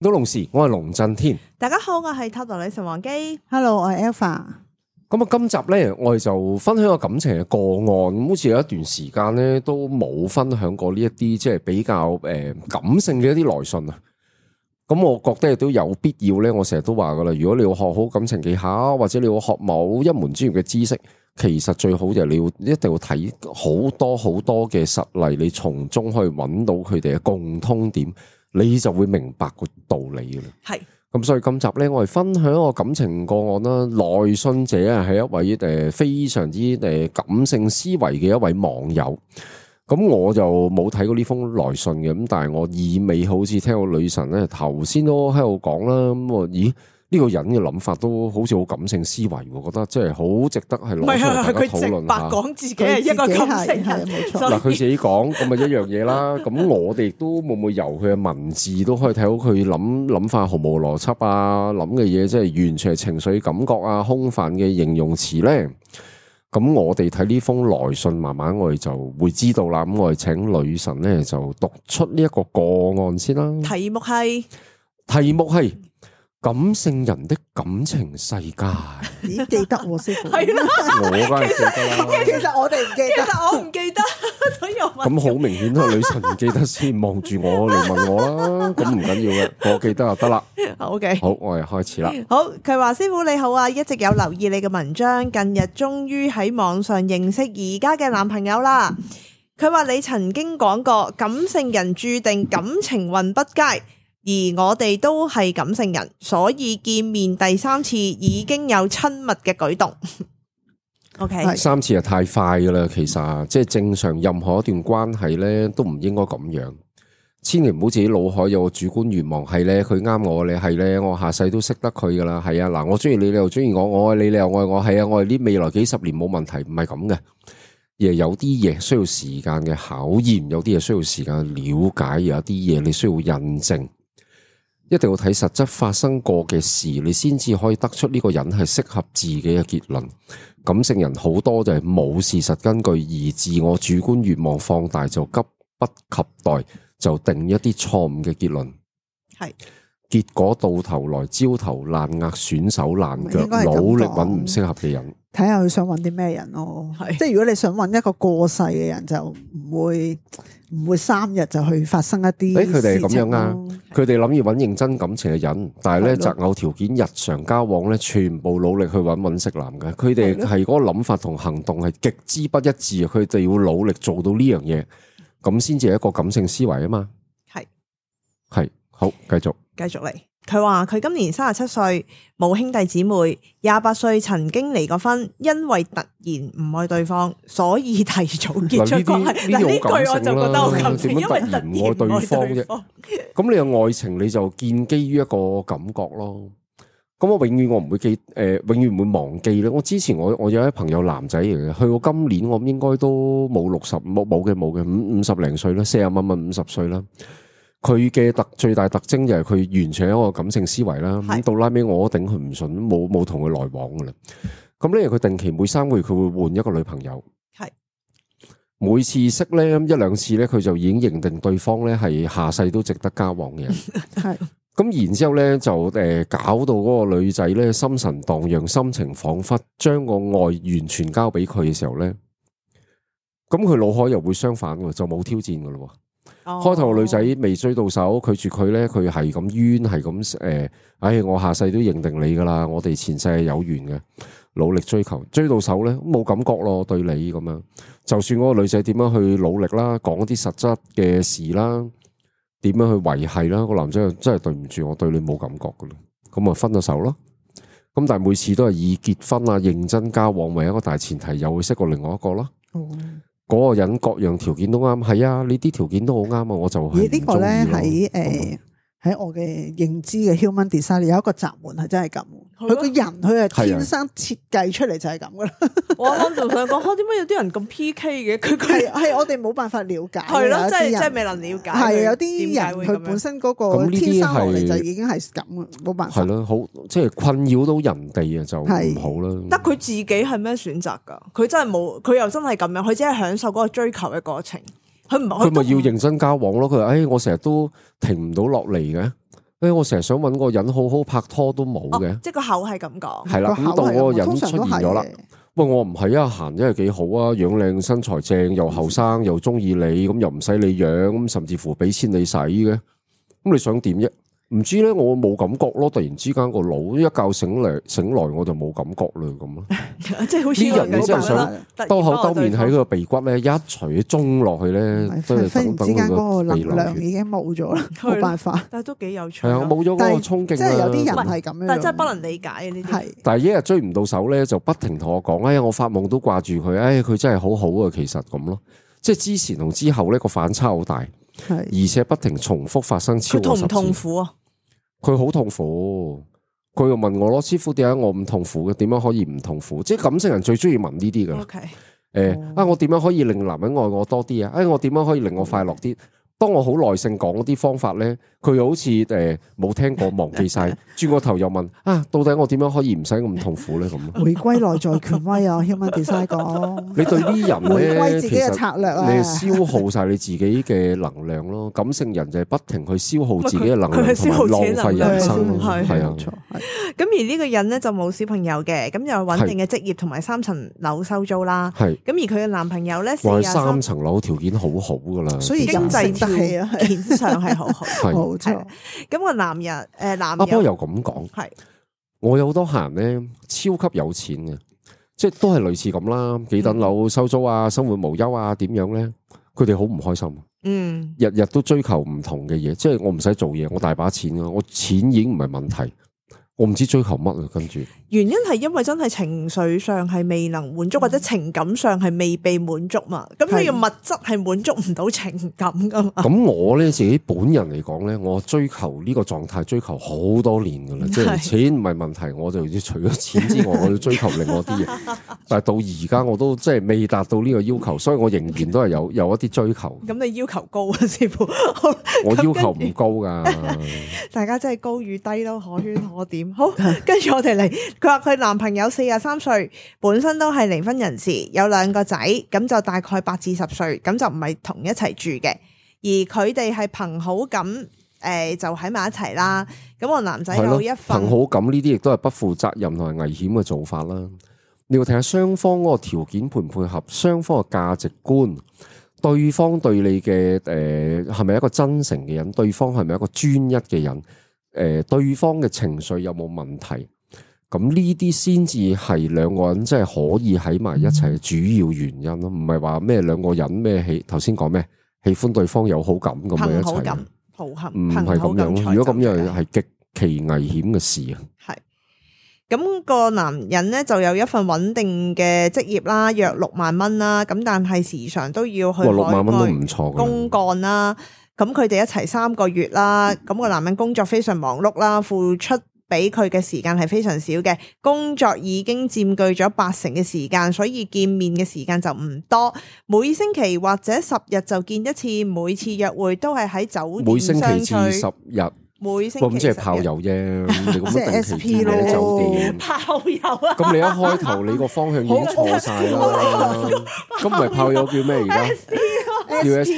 情到龍匙，我係龍震天。大家好，我係塔羅女神王姬。Hello，我係 Alpha。咁啊，今集咧，我哋就分享個感情嘅個案。好似有一段時間咧，都冇分享過呢一啲即係比較誒感性嘅一啲來信啊。咁我覺得亦都有必要咧。我成日都話噶啦，如果你要學好感情技巧，或者你要學某一門專業嘅知識，其實最好就係你要一定要睇好多好多嘅實例，你從中可以揾到佢哋嘅共通點。你就會明白個道理嘅啦，係咁是所以今集咧，我係分享一個感情個案啦。來信者係一位誒、呃、非常之誒、呃、感性思維嘅一位網友，咁、嗯、我就冇睇過呢封來信嘅，咁但係我意味好似聽到女神咧頭先都喺度講啦，咁、嗯、我咦？呢個人嘅諗法都好似好感性思維，我覺得即係好值得係攞出嚟討論。白講自己係一個感性人，冇錯。嗱，佢自己講咁咪一樣嘢啦。咁 我哋都會唔會由佢嘅文字都可以睇到佢諗諗法毫無邏輯啊，諗嘅嘢即係完全係情緒感覺啊，空泛嘅形容詞咧。咁我哋睇呢封來信，慢慢我哋就會知道啦。咁我哋請女神咧就讀出呢一個個案先啦。題目係，題目係。感性人的感情世界，你記得師傅係啦。其實其實我哋唔記得，我唔記得，所以我咁好明顯啦。女神唔記得先望住我嚟問我啦。咁唔緊要嘅，我記得就，得啦。好嘅，好，我哋開始啦。好，佢話師傅你好啊，一直有留意你嘅文章，近日終於喺網上認識而家嘅男朋友啦。佢話你曾經講過，感性人注定感情運不佳。而我哋都係感性人，所以見面第三次已經有親密嘅舉動。 OK，三次係太快噶啦，其實即係正常任何一段關係咧，都唔應該咁樣。千祈唔好自己腦海有個主觀願望係咧，佢啱我，你係咧，我下世都識得佢噶啦。係啊，嗱，我中意你，你又中意我，我愛你，你又愛我，係啊，我哋啲未來幾十年冇問題，唔係咁嘅。而有啲嘢需要時間嘅考驗，有啲嘢需要時間嘅了解，有啲嘢你需要印證。嗯一定要睇實質發生過嘅事，你先至可以得出呢個人係適合自己嘅結論。感性人好多就係冇事實根據而自我主觀願望放大，就急不及待就定一啲錯誤嘅結論，係是結果到頭來焦頭爛額、損手爛腳，努力揾唔適合嘅人。睇下佢想揾啲咩人咯，是即係如果你想揾一個過世嘅人，就唔會唔會三日就去發生一啲。誒、欸，佢哋咁樣啊？佢哋諗要揾認真感情嘅人，但係咧擇偶條件、日常交往咧，全部努力去揾揾食男嘅。佢哋係嗰個諗法同行動係極之不一致，佢哋要努力做到呢樣嘢，咁先至係一個感性思維啊嘛。係係的好，繼續繼續嚟。佢話佢今年三十七歲，冇兄弟姊妹，廿八歲曾經離過婚，因為突然唔愛對方，所以提早結束關係。呢句我就覺得因為突然，唔愛對方啫。咁你嘅愛情你就建基於一個感覺咯。咁我永遠我唔會記，誒，永遠唔會忘記咧。我之前我我有一個朋友男仔嚟嘅，去到今年我應該都冇六十，冇冇嘅冇嘅，五五十零歲啦，四十蚊蚊五十歲啦。佢嘅特最大特徵就係佢完全一個感性思維啦。咁的到拉尾我都頂佢唔順，冇冇同佢來往噶啦。咁咧，佢定期每三個月佢會換一個女朋友。係的每次識咧，一兩次咧，佢就已經認定對方咧係下世都值得交往嘅人。係咁的然之後咧就誒搞到嗰個女仔咧心神蕩漾，心情恍惚，將個愛完全交俾佢嘅時候咧，咁佢腦海又會相反嘅，就冇挑戰噶咯。開頭女仔未追到手，拒絕佢咧，佢係咁冤，係咁誒，哎，我下世都認定你噶啦，我哋前世係有緣嘅，努力追求，追到手咧，冇感覺咯，對你咁樣，就算嗰個女仔點樣去努力啦，講啲實質嘅事啦，點樣去維繫啦，個男仔真係對唔住，我對你冇感覺噶啦，咁啊分咗手咯，咁但係每次都係以結婚啊、認真交往為一個大前提，又會識過另外一個咯。嗯嗰個人各樣條件都啱，係啊，呢啲條件都好啱啊，我就係。而呢個咧，喺誒，喺我嘅認知嘅 Human Design 有一個閘門係真係咁。佢個人，佢係天生設計出嚟就係咁噶啦。我啱就同佢講，點解有啲人咁 P K 嘅？佢係係我哋冇辦法了解，係咯了，即係即係未能了解。係有啲人佢本身嗰、嗰個天生嚟就已經係咁噶，冇辦法。係咯，好即係困擾到人哋啊，就唔好啦。得佢自己係咩選擇噶？佢真係冇，佢又真係咁樣，佢只係享受嗰個追求嘅過程。佢唔佢咪要認真交往咯？佢話，哎，我成日都停唔到落嚟嘅。誒、哎，我成日想搵個人好好拍拖都冇嘅，哦，即係個口係咁講，係啦的，咁到我個人出現咗啦。喂、哎，我唔係啊，行真係幾好啊，樣靚，身材正，又後生，又中意你，咁又唔使你養，甚至乎俾錢你使嘅，咁你想點啫？唔知咧，我冇感覺咯。突然之間個腦一覺醒嚟，醒來我就冇感覺啦咁咯。 即係好似啲人你真係想兜口兜面喺個鼻骨咧，一捶中落去咧，忽然之間嗰然個能量已經冇咗啦，冇 辦法。但係都幾有趣。係啊，冇咗嗰個衝勁啦。即係有啲人係咁樣，但係真係不能理解呢、啊、啲。係。是但係一日追唔到手咧，就不停同我講，哎呀，我發夢都掛住佢，哎，佢真係好好啊，其實咁咯。即係之前同之後咧個反差好大，的而且不停重複發生超。佢痛唔痛苦啊？佢好痛苦，佢又問我咯，師傅，點解我咁痛苦嘅？點樣可以唔痛苦？即係感性人最鍾意問呢啲㗎。誒啊，我點樣可以令男人愛我多啲啊？誒，我點樣可以令我快樂啲？嗯當我好耐性講啲方法咧，佢又好似誒冇聽過忘記晒，轉個頭又問啊，到底我點樣可以唔使咁痛苦咧咁啊？回歸內在權威啊，Human Design 講，你對呢人咧，回歸自己嘅策略啊，你消耗晒你自己嘅能量咯。感性人就係不停去消耗自己嘅能量同浪費人生，係啊。咁而呢個人咧，就冇小朋友嘅，咁又穩定嘅職業同埋三層樓收租啦。係咁而佢嘅男朋友咧，話三層樓條件好好噶啦，所以經濟。係啊，錢、啊、上係好好，冇錯。咁個男人男、啊，誒，男阿波又咁講，係我有好多客人咧，超級有錢嘅，即係都係類似咁啦，幾棟樓收租，租啊，生活無憂啊，點樣咧？佢哋好唔開心。嗯，日日都追求唔同嘅嘢，嗯、即係我唔使做嘢，我大把錢啊，我錢已經唔係問題，我唔知追求乜啊，跟住。原因係因為真係情緒上係未能滿足，或者情感上係未被滿足嘛。咁所以物質係滿足唔到情感㗎嘛。咁我呢，自己本人嚟講呢，我追求呢個狀態追求好多年㗎喇，即係是錢唔係問題，我就除咗錢之外，我要追求另外啲嘢。 但係到而家我都即係、就是、未達到呢個要求，所以我仍然都係有有一啲追求。咁 你要求高啊，師傅？ 我，我要求唔高㗎。 大家真係高與低都可圈可點。好，跟住我哋嚟。佢話佢男朋友四十三歲，本身都係離婚人士，有兩個仔，咁就大概八至十歲，咁就唔係同一齊住嘅。而佢哋係憑好感，誒、呃、就喺埋一齊啦。咁個男仔有一份憑好感呢啲，亦都係不負責任同埋危險嘅做法啦。你要睇下雙方嗰個條件配唔配合，雙方嘅價值觀，對方對你嘅誒係咪一個真誠嘅人？對方係咪一個專一嘅人？誒、呃，對方嘅情緒有冇問題？咁呢啲先至係兩個人即係可以喺埋一齊嘅主要原因咯，唔係話咩兩個人咩喜頭先講咩喜歡對方有好感咁去一齊嘅。唔係咁樣，如果咁樣係極其危險嘅事啊。係咁個男人咧就有一份穩定嘅職業啦，約六萬蚊啦。咁但係時常都要去六萬蚊都唔錯，外公幹啦。咁佢哋一齊三個月啦。咁個男人工作非常忙碌啦，付出。俾佢嘅時間係非常少嘅，工作已經佔據咗八成嘅時間，所以見面嘅時間就唔多。每星期或者十日就見一次，每次約會都係喺酒店上去。每星期次十,十日，每星期即係炮友啫。即 係 commented on . S P 酒店炮友。咁你一開頭你個方向已經錯晒啦。咁唔係炮友叫咩而家？S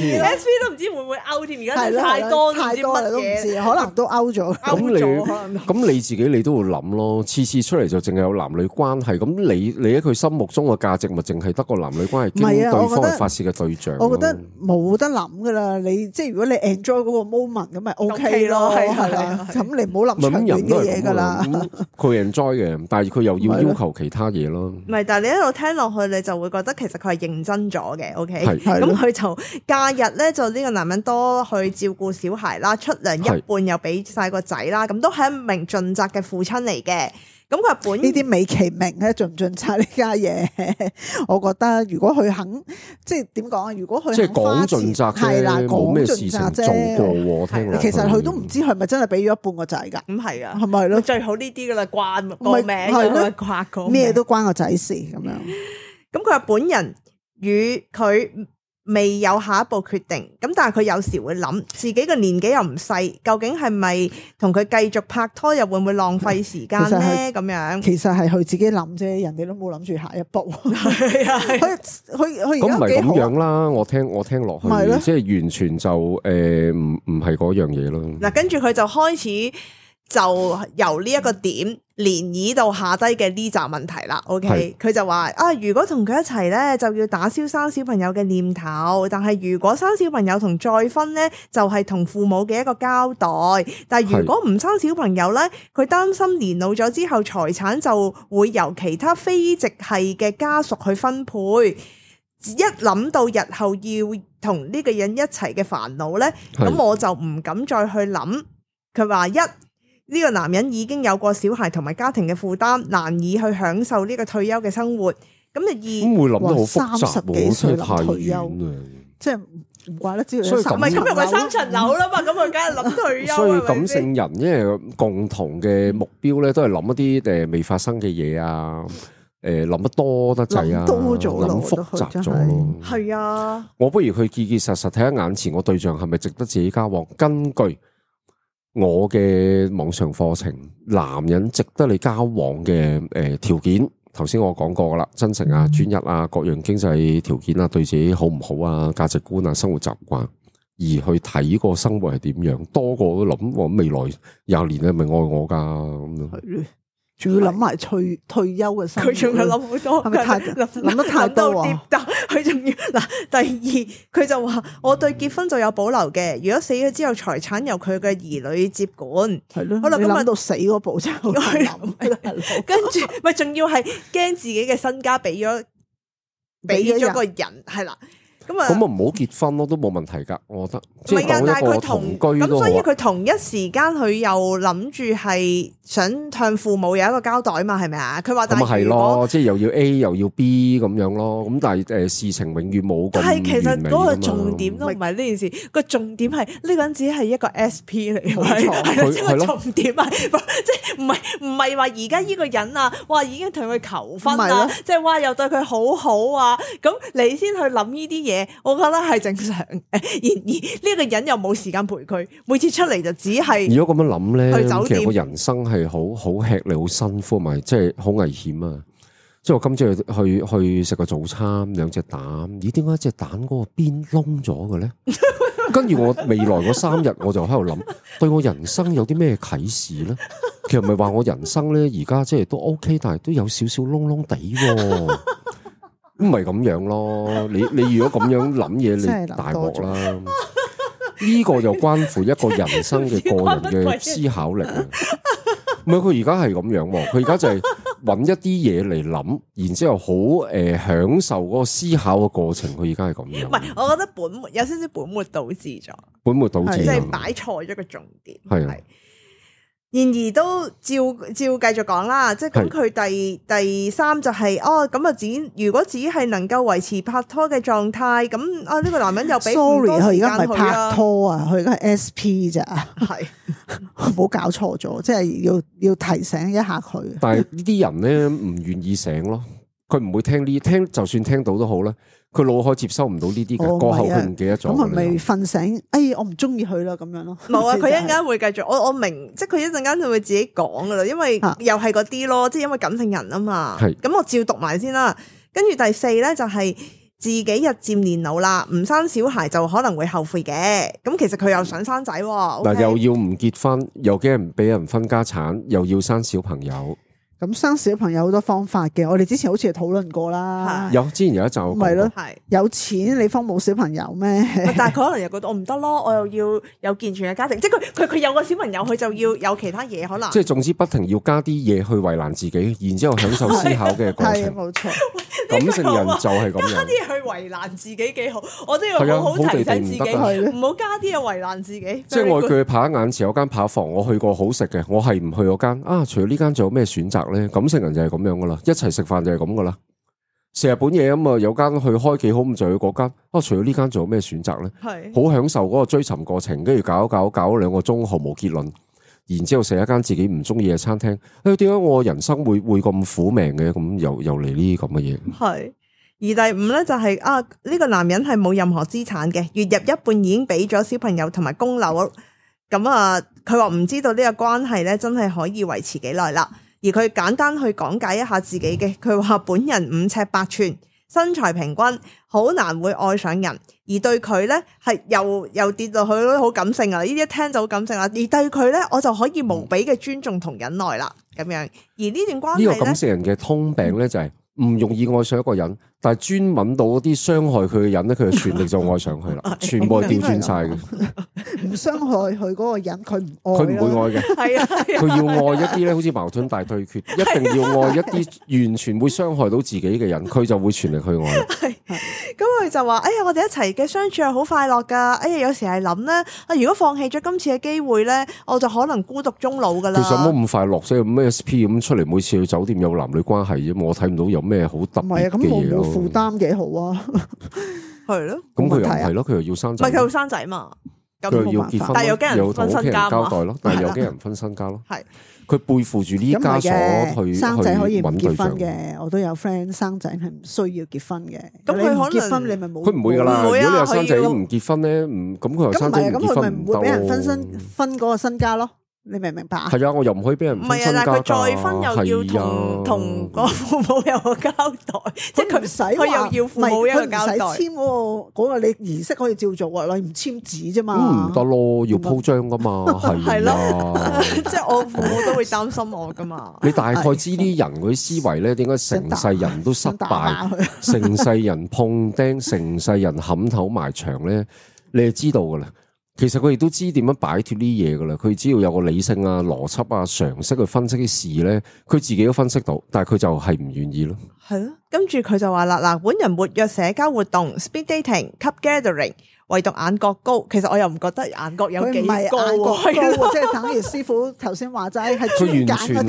V 都唔知會唔會勾添，而家太多太多都唔知，可能都勾咗。咁你咁你自己你都會諗咯，次次出嚟就淨係有男女關係。咁你你喺佢心目中嘅價值咪淨係得個男女關係經對方嚟發泄嘅對象？我覺得冇得諗噶啦，你即係如果你 enjoy 嗰個 moment 咁咪 OK 咯，係係。咁你唔好諗長遠啲嘢噶啦。佢 enjoy 嘅，但係佢又要要求其他嘢咯。唔係，但係你一路聽落去，你就會覺得其實佢係認真咗嘅。OK，咁佢就。假日咧就呢個男人多去照顧小孩啦，出糧一半又俾晒個仔啦，咁都係一名盡責嘅父親嚟嘅。咁佢係本呢啲美其名咧盡唔盡責呢家嘢？我覺得如果佢肯，即係點講啊？如果佢即係講盡責，係啊了，講盡責啫。做過，其實佢都唔知係咪真係俾咗一半個仔噶？咁係啊，係咪咯？的的最好呢啲噶啦，關個名。係咩都咩都關個仔事咁樣。咁佢 係本人與佢。未有下一步決定，咁但係佢有時會諗自己嘅年紀又唔細，究竟係咪同佢繼續拍拖又會唔會浪費時間咧？咁樣其實係佢樣自己諗啫，人哋都冇諗住下一步。佢佢佢而家咁唔係咁樣啦好，我聽我聽落去，係啊即係完全就誒唔唔係嗰樣嘢咯。嗱，跟住佢就開始就由呢一個點。連埋到下低嘅呢集問題啦，OK，佢是就話啊，如果同佢一齊呢，就要打消生小朋友嘅念頭；但係如果生小朋友同再婚呢，就係、是、同父母嘅一個交代；但係如果唔生小朋友呢，佢擔心年老咗之後財產就會由其他非直系嘅家屬去分配。一諗到日後要同呢個人一齊嘅煩惱呢，咁是我就唔敢再去諗。佢話一。呢個男人已經有過小孩同埋家庭嘅負擔，難以去享受呢個退休嘅生活。咁啊，二咁會諗得好複雜，三十幾歲諗退休，即係唔怪得之。唔係咁又話生層樓啦嘛，咁佢梗係諗退休。所以感性人因為共同嘅目標咧，都係諗一啲誒未發生嘅嘢啊，誒諗得多得滯啊，多咗，諗複雜咗。係啊，我不如去結結實實睇下眼前個對象係咪值得自己交往？根據。我嘅網上課程，男人值得你交往嘅，誒條件，頭先我講過噶啦，真誠啊、專一啊、各樣經濟條件啊，對自己好唔好啊、價值觀啊、生活習慣，而去睇個生活係點樣，多過諗我都未來廿年你係咪愛我噶，啊，仲要諗埋退退休嘅，佢仲係諗好多，係咪太諗得太多佢仲要嗱，第二佢就話我對結婚就有保留嘅，如果死咗之後財產由佢嘅兒女接管，係咯的，我諗諗到死嗰步驟，跟住咪仲要係驚自己嘅身家俾咗俾咗個人，係啦。咁啊，咁啊唔好結婚咯，都冇問題噶，我覺得。唔係啊，但係佢同，同居咁，所以佢同一時間佢又諗住係想向父母有一個交代啊嘛，係咪啊？佢話但係如果即係又要 A 又要 B 咁樣咯，咁但係誒、呃、事情永遠冇咁完美啊嘛。但係其實嗰個重點都唔係呢件事，個、嗯、重點係呢個人只係一個 SP S P 嚟嘅，係咯的，個他重點啊，即係唔係唔係話而家呢個人啊，哇已經同佢求婚，啊，啦，即係哇又對佢好好啊，咁你先去諗呢啲嘢。我覺得係正常，然而呢個人又冇時間陪佢，每次出嚟就只係。如果咁樣諗咧，其實我人生係好好吃力，好辛苦，咪即係好危險啊！即係我今朝去去食個早餐，兩隻蛋，咦，點解一隻蛋嗰個邊窿咗嘅咧？跟住我未來嗰三日，我就喺度諗，對我人生有啲咩啟示咧？其實唔係話我人生咧，而家即係都 OK，但係都有少少窿窿地。咁咪咁樣咯，你你如果咁樣諗嘢，你大鑊啦！呢 個就關乎一個人生嘅個人嘅思考力。唔係佢而家係咁樣，佢而家就係揾一啲嘢嚟諗，然之後好誒享受嗰個思考嘅過程。佢而家係咁樣。唔係，我覺得本末有少少本末倒置咗。本末倒置，即係擺錯咗個重點。係。然而都照照繼續講啦，即係咁，佢第第三就係、是、是哦咁啊，咁如果只係能夠維持拍拖嘅狀態，咁啊呢個男人又俾 sorry，佢而家唔係拍拖啊，佢而家係 SP 咋，係冇是 搞錯咗，即係要要提醒一下佢。但係呢啲人咧，唔願意醒咯，佢唔會聽呢，聽就算聽到都好啦。佢腦海接收唔到呢啲，過後，啊，佢唔記得咗。我咪瞓醒，哎我唔中意佢啦，咁樣咯。冇啊，佢是一陣間會繼續。我我明，即係佢一陣間就會自己講噶啦，因為又係嗰啲咯，啊、即係因為感性人啊嘛。咁是我照讀埋先啦。跟住第四咧，就係自己日漸年老啦，唔生小孩就可能會後悔嘅。咁其實佢又想生仔。嗱、嗯，Okay? 又要唔結婚，又驚唔俾人分家產，又要生小朋友。咁生小朋友好多方法嘅，我哋之前好似係討論過啦。有的之前有一集，係咯的，的有錢你方冇小朋友咩？但係佢可能又覺得我唔得咯，我又要有健全嘅家庭， 即係佢佢佢有個小朋友，佢就要有其他嘢可能即。即係總之不停要加啲嘢去為難自己，然之後享受思考嘅過程。冇 錯，感性 人就係咁樣。 加啲嘢去為難自己幾好，我都要好，好提醒自己，唔好 的加啲嘢為難自己。 即係我嘅扒眼前有間扒房，我去過好食嘅，我係唔去嗰間。啊，除咗呢間，仲有咩選擇？感性人就係咁樣噶啦，一齊食飯就係咁噶啦。食日本嘢咁啊，有間去開幾好，咁就去嗰間。啊，除咗呢間，仲有咩選擇咧？係好是享受嗰個追尋過程，跟住搞搞搞兩個鐘，毫無結論。然之後食一間自己唔中意嘅餐廳。誒、哎，點解我人生會會咁苦命嘅？咁又又嚟呢啲咁嘅嘢？係而第五咧就係、是、啊，呢、這個男人係冇任何資產嘅，月入一半已經俾咗小朋友同埋供樓。咁、嗯、啊，佢話唔知道呢個關係咧，真係可以維持幾耐啦。而佢簡單去講解一下自己嘅，佢話本人五尺八寸，身材平均，好難會愛上人。而對佢呢，係又又跌落去都好感性啊！呢啲一聽就好感性啦。而對佢呢，我就可以無比嘅尊重同忍耐啦。咁樣，而呢段關係呢個感性人嘅通病呢，就係唔容易愛上一個人。但係專揾到啲傷害佢嘅人咧，佢就全力就愛上佢啦，全部調轉晒嘅。唔傷 害佢嗰個人，佢唔愛，佢唔會愛嘅。係啊，佢要愛一啲咧， 好似矛盾大對決， 一定要愛一啲完全會傷害到自己嘅人，佢 就會全力去愛。咁佢 就話：哎呀，我哋一齊嘅相處係好快樂噶。哎呀，有時係諗咧，啊，如果放棄咗今次嘅機會咧，我就可能孤獨終老噶啦。其實冇咁快樂，所以咁 SP 咁出嚟，每次去酒店有男女關係啫，我睇唔到有咩好特別嘅嘢。負擔幾好啊？係咯，咁佢又係咯，佢又要生仔，咪佢要生仔嘛？佢要結婚，但係又跟人分身家咯，但係又跟人分身家咯。係，佢背負住呢家所去。生仔可以唔結婚嘅，我都有 friend 生仔係唔需要結婚嘅。咁佢可結婚，你咪冇？佢唔會噶啦。如果又生仔都唔結婚咧，唔咁佢又生仔，咁佢咪唔會俾人分身分嗰個身家咯？你明唔明白？係啊，我又唔可以俾人唔係啊！但佢再婚又要同同個父母有個交代，即係佢使佢又要父母有個交代簽嗰個嗰個你儀式可以照做，啊。你唔簽紙啫嘛？唔得咯，要鋪張噶嘛？係係咯，即係我父母都會擔心我噶嘛？你大概知啲人嗰啲思維咧，點解成世人都失敗，成世人碰釘，成世人冚頭埋牆咧？你係知道噶啦。其實佢亦都知點樣擺脫呢嘢嘅啦，佢只要有個理性啊、邏輯啊、常識去分析啲事咧，佢自己都分析到，但係佢就係唔願意咯。係咯，跟住佢就話啦嗱，本人活躍社交活動，speed dating，cup gathering，唯獨眼角高。其實我又唔覺得眼角有幾高，即係等於師傅頭先話齋，係專揀嗰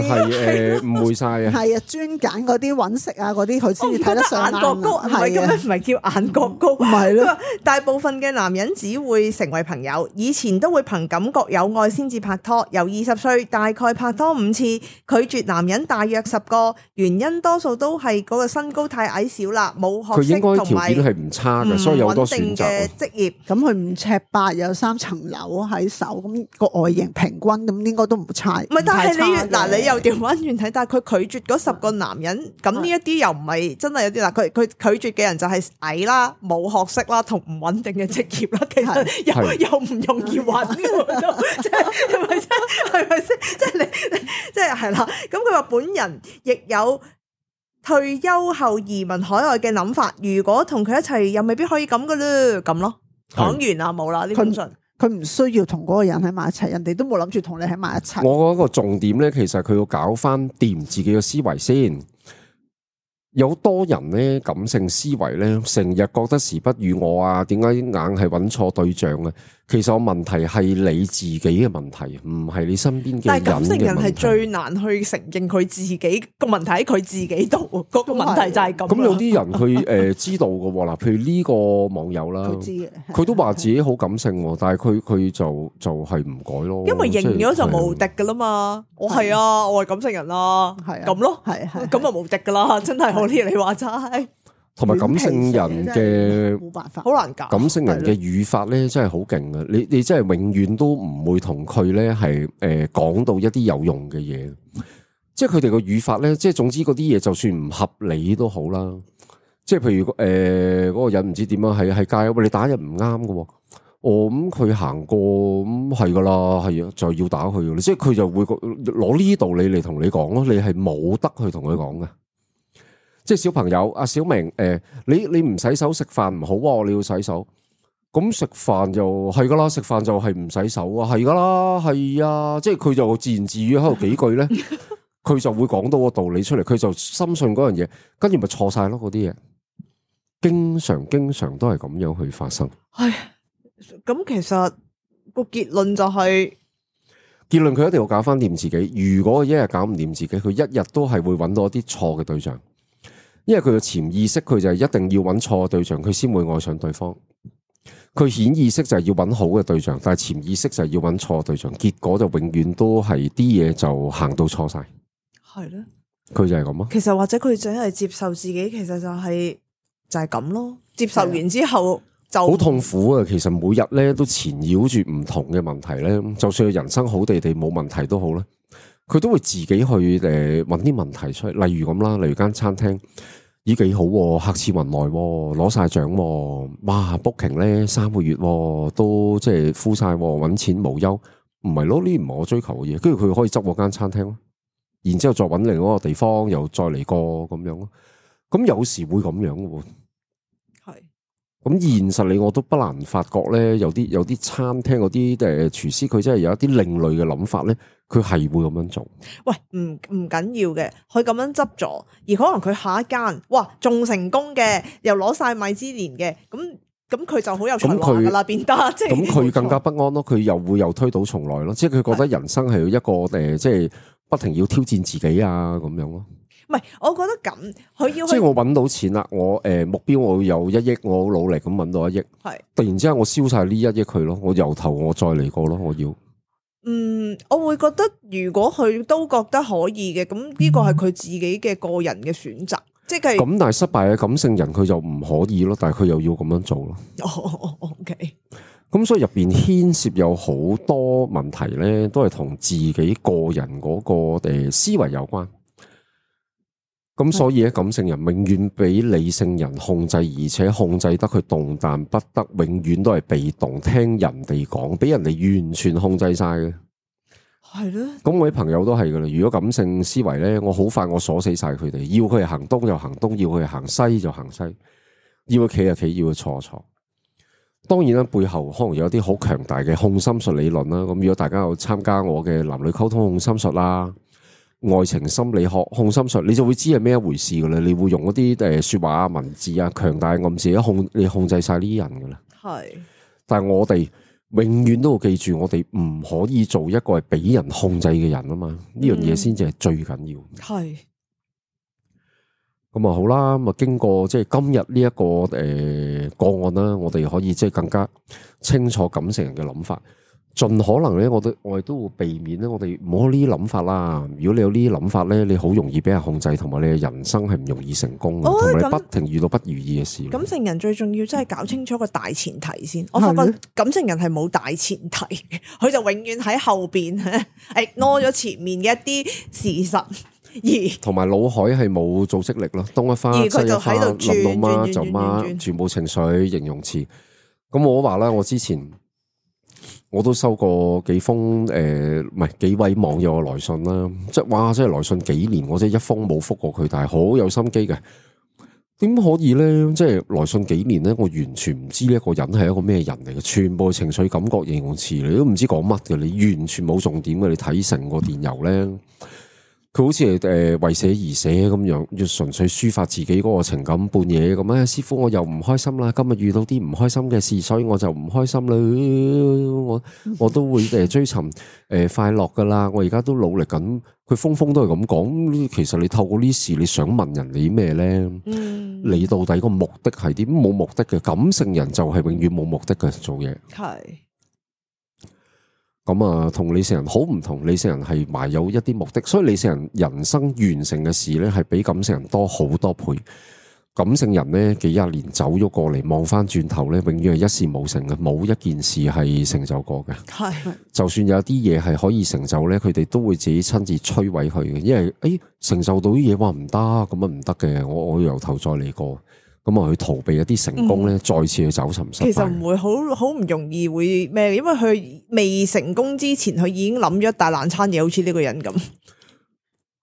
啲唔會晒嘅，係啊，專揀嗰啲揾食啊嗰啲，佢先至睇得上眼角高。係咁樣，唔係叫眼角高，唔係咯。大部分嘅男人只會成為朋友，以前都會憑感覺有愛先至拍拖，由二十歲大概拍拖五次，拒絕男人大約十個，原因多數都係。嗰個身高太矮小啦，冇學識同埋應該條件係唔差嘅，所以有多選擇，穩定嘅職業，咁佢、嗯、五尺八，有三層樓喺手，咁個外形平均，咁應該都唔差。唔係你、嗯，但係你嗱，你又調翻轉睇，但係佢拒絕嗰十個男人，咁呢一啲又唔係真係有啲嗱，佢佢拒絕嘅人就係矮啦，冇學識啦，同唔穩定嘅職業啦，其實又是的 又唔容易揾，即係係咪先？即係你即係係啦。咁佢話本人亦有是退休後移民海外嘅諗法，如果同佢一齊，又未必可以咁噶啦，咁咯。講完啦，冇啦呢份信。佢唔需要同嗰個人喺埋一齊，人哋都冇諗住同你喺埋一齊。我嗰個重點呢，其實佢要搞翻掂自己嘅思維先。有多人呢，感性思維呢，成日覺得時不與我啊，點解硬係揾錯對象啊？其實個問題係你自己嘅問題，唔係你身邊嘅人嘅問題。但係感性人係最難去承認佢自己個問，問題，喺佢自己度。個問題就係咁。咁、嗯嗯、有啲人佢誒、呃、知道噶喎，嗱，譬如呢個網友啦，佢都話自己好感性，但係佢佢就就係、是、唔改咯。因為認咗就無敵噶啦嘛，我係啊，我係感性人啦，係咁的咯，係咁的就無敵噶啦，真係好似你話齋？同埋感性人嘅冇辦法，好難教。感性人嘅語法咧，真係好勁啊！你你真係永遠都唔會同佢咧，係誒講到一啲有用嘅嘢。即係佢哋嘅語法咧，即係總之嗰啲嘢，就算唔合理都好啦。即係譬如誒嗰、呃那個人唔知點樣，喺喺街，你打人唔啱㗎。我咁佢行過咁係噶啦，係、嗯、啊，就要打佢嘅。即係佢就會攞呢道理嚟同你講咯。你係冇得去同佢講嘅。即係小朋友，阿小明，誒、呃，你你唔洗手食飯唔好喎，你要洗手。咁食飯就係噶啦，食飯就係唔洗手啊，係噶啦，係啊。即係佢就自言自語喺度幾句咧，佢就會講到個道理出嚟，佢就深信嗰樣嘢，跟住咪錯晒咯嗰啲嘢。經常經常都係咁樣去發生。係，咁其實，個結論就係、係、結論，佢一定要搞翻掂自己。如果一日搞唔掂自己，佢一日都係會揾到一啲錯嘅對象。因為佢嘅潛意識，佢就係一定要揾錯嘅對象，佢先會愛上對方。佢顯意識就係要揾好嘅對象，但係潛意識就係要揾錯對象，結果就永遠都係啲嘢，就行到錯晒。係咧的，佢就係咁咯。其實或者佢真係接受自己，其實就係、是、就係、是、咁咯。接受完之後就好的痛苦啊。其實每日咧都纏繞住唔同嘅問題咧，就算人生好地地冇問題都好啦。佢都會自己去誒，揾啲問題出，嚟，例如咁啦，例如間餐廳已幾好、啊，客似雲來、啊，攞晒獎，哇，booking 咧三個月、啊、都即係敷晒、啊，揾錢無憂，唔係咯？呢唔係我追求嘅嘢，跟住佢可以執我間餐廳咯，然之後再揾另一個地方，又再嚟過咁樣咯，咁有時會咁樣嘅喎。係是，咁現實嚟我都不難發覺咧，有啲有啲餐廳嗰啲誒廚師，佢真係有一啲另類嘅諗法咧。佢係會咁樣做，喂，唔唔緊要嘅，佢咁樣執咗，而可能佢下一間，哇，仲成功嘅，又攞晒米芝蓮嘅，咁咁佢就好有想法啦，變得，咁佢沒錯 更加不安咯，佢又會又推倒重來咯，即係佢覺得人生係要一個誒，即、呃、係、就是、不停要挑戰自己啊，咁樣咯。唔係、嗯，我覺得咁，佢要即係我搵到錢啦，我誒、呃、目標我有一億，我好努力咁搵到一億，係是 突然之間我燒晒呢一億佢咯，我由頭我再嚟過咯，我要。嗯，我會覺得如果佢都覺得可以嘅，咁呢個係佢自己嘅個人嘅選擇，即係咁。但係失敗嘅感性人，佢就唔可以咯。但係佢又要咁樣做咯。哦，OK。咁所以入邊牽涉有好多問題咧，都係同自己個人嗰個誒思維有關。咁所以咧，感性人永遠俾理性人控制，而且控制得佢動彈不得，永遠都係被動，聽人哋講，俾人哋完全控制晒嘅，係咯的。咁我啲朋友都係噶啦。如果感性思維咧，我好快我鎖死晒佢哋，要佢行東就行東，要佢行西就行西，要佢企就企，要佢坐坐。當然啦，背後可能有啲好強大嘅控心術理論啦。咁如果大家有參加我嘅男女溝通控心術啦。愛情心理學、控心術，你就會知係咩一回事噶啦。你會用嗰啲誒説話、文字啊，強大暗示嚟控，你控制晒呢啲人噶啦。係是，但係我哋永遠都要記住，我哋唔可以做一個係俾人控制嘅人啊嘛。呢、嗯、樣嘢先至係最緊要。係是。咁啊好啦，咁啊經過即係今日呢、這、一個誒、呃、個案啦，我哋可以即係更加清楚感性人嘅諗法。盡可能咧，我都我哋都會避免咧。我哋唔好呢啲諗法啦。如果你有呢啲諗法咧，你好容易俾人控制，同埋你嘅人生係唔容易成功，同埋、哦、你不停遇到不如意嘅事。感性人最重要，真係搞清楚個大前提先。我發覺感性人係冇大前提，佢的就永遠喺後邊，誒，攞咗前面嘅一啲事實 而。同埋腦海係冇組織力咯，當一翻，而佢就喺度轉轉轉轉轉，轉全部情緒形容詞。咁我話啦，我之前。我都收過幾封誒，唔、呃、係幾位網友嘅來信啦，即係哇，即係來信幾年，我即係一封冇覆過佢，但係好有心機嘅，點可以咧？即係來信幾年咧，我完全唔知呢一個人係一個咩人嚟嘅，全部情緒感覺形容詞，你都唔知講乜嘅，你完全冇重點嘅，你睇成個電郵咧。佢好似誒，為寫而寫咁樣，要純粹抒發自己嗰個情感，半夜咁啊，師傅我又唔開心啦，今日遇到啲唔開心嘅事，所以我就唔開心啦。我我都會誒追尋誒快樂噶啦，我而家都努力緊。佢峰峰都係咁講，其實你透過呢事，你想問人哋咩咧？嗯，你到底個目的係點？冇目的嘅感性人就係永遠冇目的嘅做嘢係。咁啊，同理性人好唔同，理性人係埋有一啲目的，所以理性人人生完成嘅事咧，係比感性人多好多倍。感性人咧幾廿年走咗過嚟，望翻轉頭咧，永遠係一事無成嘅，冇一件事係成就過嘅。係，就算有啲嘢係可以成就呢，佢哋都會自己親自摧毀佢嘅，因為誒、哎，成就到啲嘢話唔得，咁啊唔得嘅，我我由頭再嚟過。咁啊，去逃避一啲成功咧，嗯、再次去走神失其實唔會好好唔容易會咩嘅，因為佢未成功之前，佢已經諗咗一大難餐嘢，好似呢個人咁。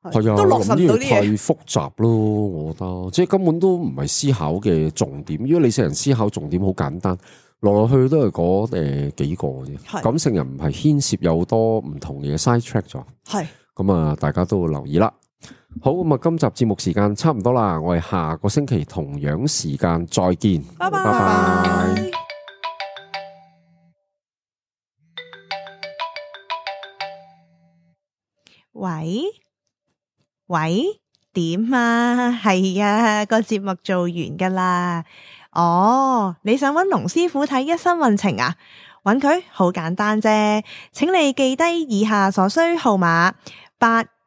係啊、嗯，是都落實到啲嘢。太複雜咯，我覺得，即係根本都唔係思考嘅重點。如果你成人思考重點好簡單，落落去都係嗰誒幾個嘅啫。咁感性是人唔係牽涉有多唔同嘅是 side track 咗。係是。咁啊是，大家都留意啦。好，咁啊！今集節目時間差唔多啦，我哋下個星期同樣時間再見。拜拜拜拜。喂喂，點啊？係呀、啊，個節目做完噶啦。哦，你想揾龍師傅睇一生運程啊？揾佢好簡單啫，請你記低以下所需號碼八。